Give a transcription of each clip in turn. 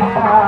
哦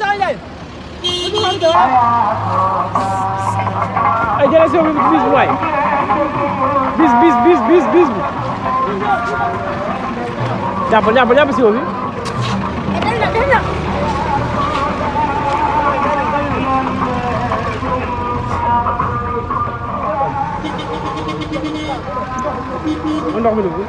Assane Ndiaye. ay jëlee si yow bis bu waay bis bis bis bis bis bi. jàppal jàppal jàpp si yow bi. ndox mi dugg.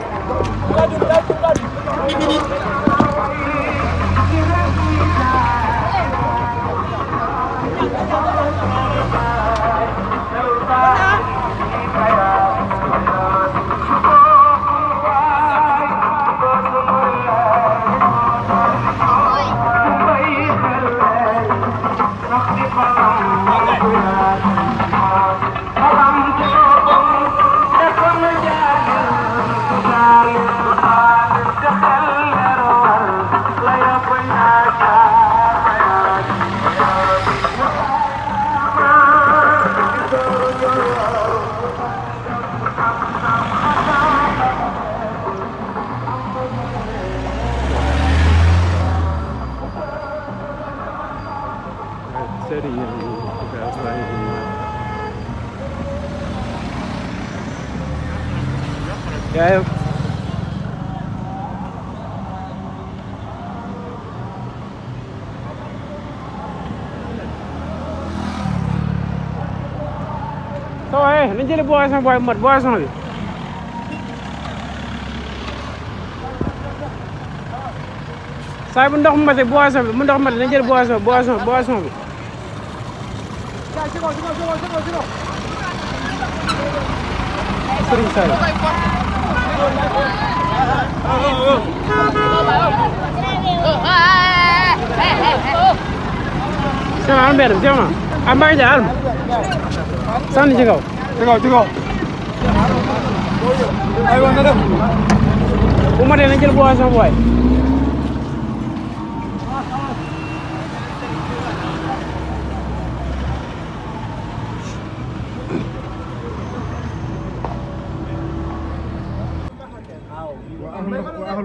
city بأرواحهما يا Então é, nem ele boa essa boa, mano, boa essa não. Sai mun ndox ma boisson Chegou, chegou, chegou, chegou, chegou. Sering saya. Sen amber, jama. Ambar ya arm. Sen chegou. Umar yang ngejel buah sama buah.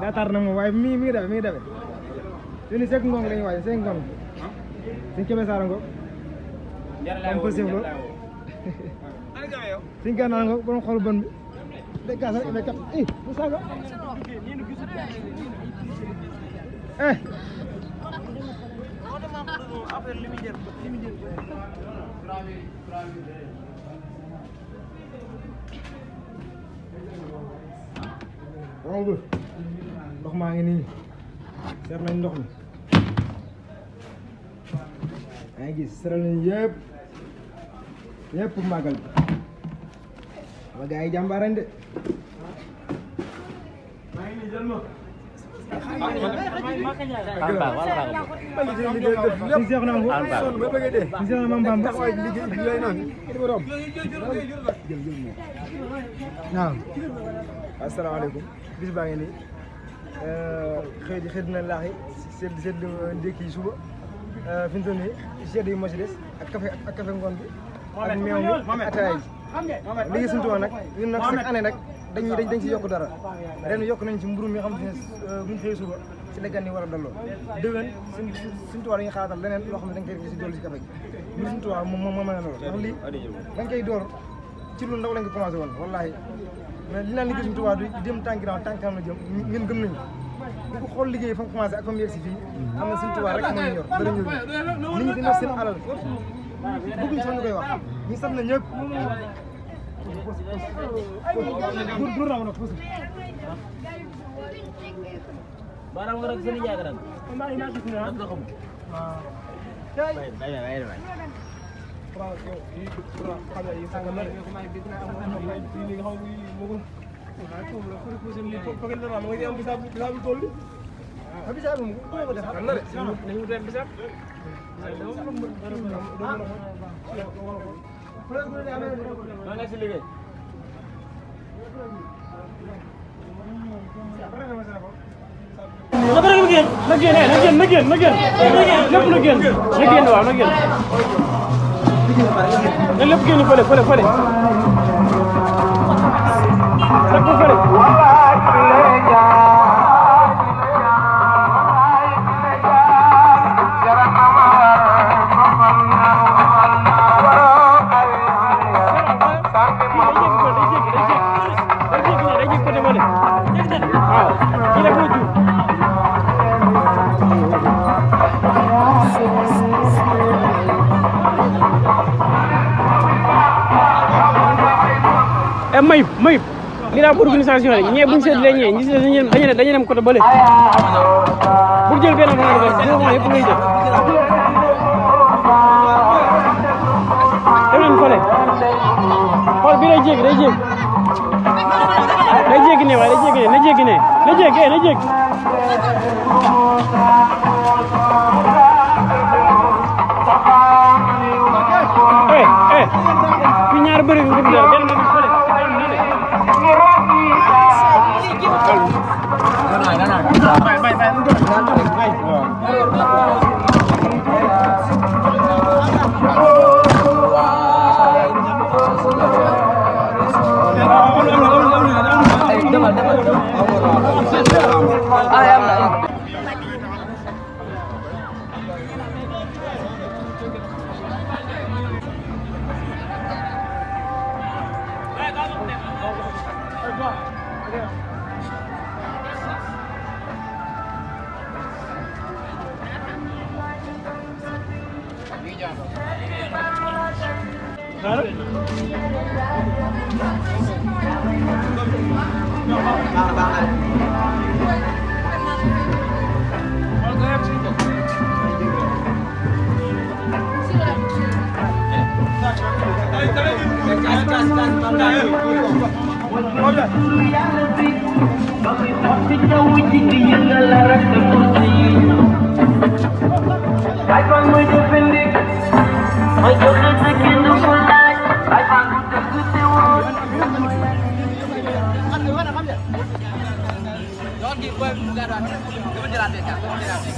daa na moom waaye mii mi ngi defe mi ngi defe te ni seeg ngong la ñuy waaj seeg de gaasal ime kat i bu saaga eh ndox ma ngi ni seer nañ ndox ni ay gis seral ñu yépp yépp magal ba gaay jambaran de maa jël bis baa xëy xëy dina laax yi seen seen ndékki yi suba euh, fi mu toll i sedd yi moo ci des ak café ak café ngoon bi ak meew mi ataay yi léegi suñu tubaab nag ñun nag chaque année nag dañuy dañ dañ si yokk dara ren yokk nañ ci mburu mi xam ne euh, buñ xëy si la gan yi war a dalloo déwén suñ suñ tubaab dañuy xaatal leneen loo xam ne dañ koy si dolli si café moom moo mën a loolu ndax lii dañ koy door ci lu ndaw lañ ko commencé woon mais li naan liggéey suñu tubaab du dem tànk ginnaaw tànk kanam la jëm ñun gëm nañu bu ko xool liggéey fa mu commencé ak fa mu yegg si fii am na suñu tubaab rek moo ñu yor dara ñor nit ñi dina seen alal bëgguñ sax ñu koy wax ñu sant na ñëpp dur raw na puus baaraam nga rek seen i jaaga daal maa ngi naa gis naa waaw France yow fii xale yi sànq na de fii léegi xaw ma bëggoon. waaw xaw ma pour pour seen lii foog ngeen doon wax ma nga am bisaab bisaab bi tool bi. ah bisaab bi mu ko ko defar. na de nañu wuteel bisaab. maa ngi si liggéey. na génn na génn na génn na génn na génn waaw na génn na lépp génn fële fële fële. mayib mayib ni daa organisation rek ñee buñ seetlee ñee ñi sét dañu dañu dañu dem côté balé bu jël mo ronde ba deux mois yëpp ngay jël ko lé xol bi lay jégg day jégg day jégg ne waaye day jégg ne na jégg ne na jégg eh na jégg eh eh fi ñaar bëri bi def benn 快快快！Jangan dibuat bukan, kemudian dilatih, kemudian dilatih.